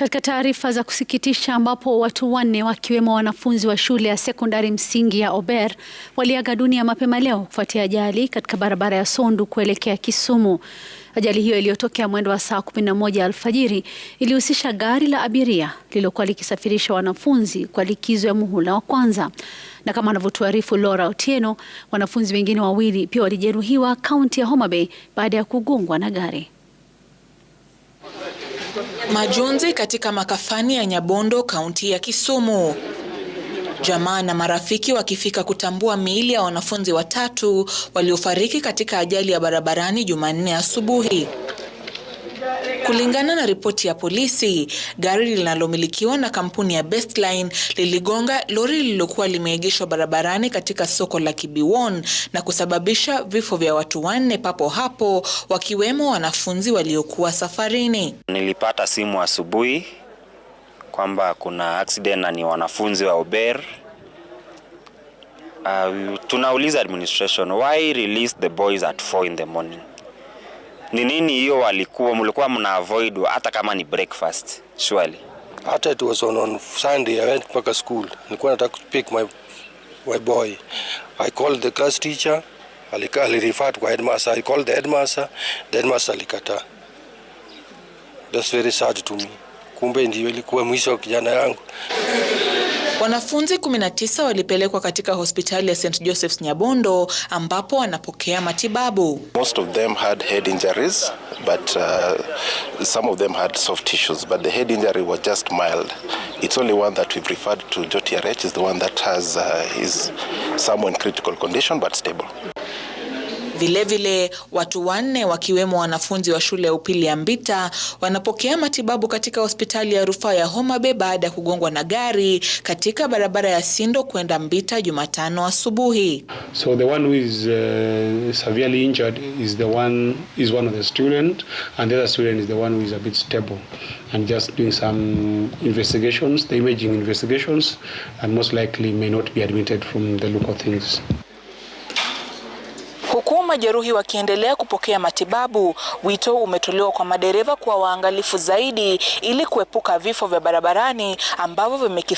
Katika taarifa za kusikitisha ambapo watu wanne wakiwemo wanafunzi wa shule ya sekondari msingi ya Ober waliaga dunia mapema leo kufuatia ajali katika barabara ya Sondu kuelekea Kisumu. Ajali hiyo iliyotokea mwendo wa saa moja alfajiri ilihusisha gari la abiria lililokuwa likisafirisha wanafunzi kwa likizo ya muhula wa kwanza, na kama anavyotuarifu Laura Otieno, wanafunzi wengine wawili pia walijeruhiwa kaunti ya Homa Bay baada ya kugongwa na gari. Majonzi katika makafani ya Nyabondo, kaunti ya Kisumu. Jamaa na marafiki wakifika kutambua miili ya wanafunzi watatu waliofariki katika ajali ya barabarani Jumanne asubuhi. Kulingana na ripoti ya polisi, gari linalomilikiwa na kampuni ya Bestline liligonga lori lililokuwa limeegeshwa barabarani katika soko la Kibiwon na kusababisha vifo vya watu wanne papo hapo, wakiwemo wanafunzi waliokuwa safarini. Nilipata simu asubuhi kwamba kuna accident na ni wanafunzi wa Uber. Uh, tunauliza administration why release the boys at 4 in the morning ni nini hiyo walikuwa mlikuwa mna avoid hata kama ni breakfast? Surely. Hata it was on, on Sunday I went back to school. Nilikuwa nataka pick my my boy. I called the class teacher. Alika alirifaa kwa headmaster. I called the headmaster. The headmaster alikata That's very sad to me. Kumbe ndiyo ilikuwa mwisho wa kijana yangu. Wanafunzi 19 walipelekwa katika hospitali ya St Joseph's Nyabondo ambapo wanapokea matibabu. Most of them had head injuries but uh, some of them had soft tissues but the head injury was just mild. It's only one that we've referred to JTRH is the one that has uh, is somewhat in critical condition but stable. Vilevile, watu wanne wakiwemo wanafunzi wa shule ya upili ya Mbita wanapokea matibabu katika hospitali ya rufaa ya Homa Bay baada ya kugongwa na gari katika barabara ya Sindo kwenda Mbita Jumatano asubuhi. So the one who is uh, severely injured is the one is one of the student and the other student is the one who is a bit stable and just doing some investigations the imaging investigations and most likely may not be admitted from the look of things majeruhi wakiendelea kupokea matibabu. Wito umetolewa kwa madereva kuwa waangalifu zaidi ili kuepuka vifo vya barabarani ambavyo vimekithiri.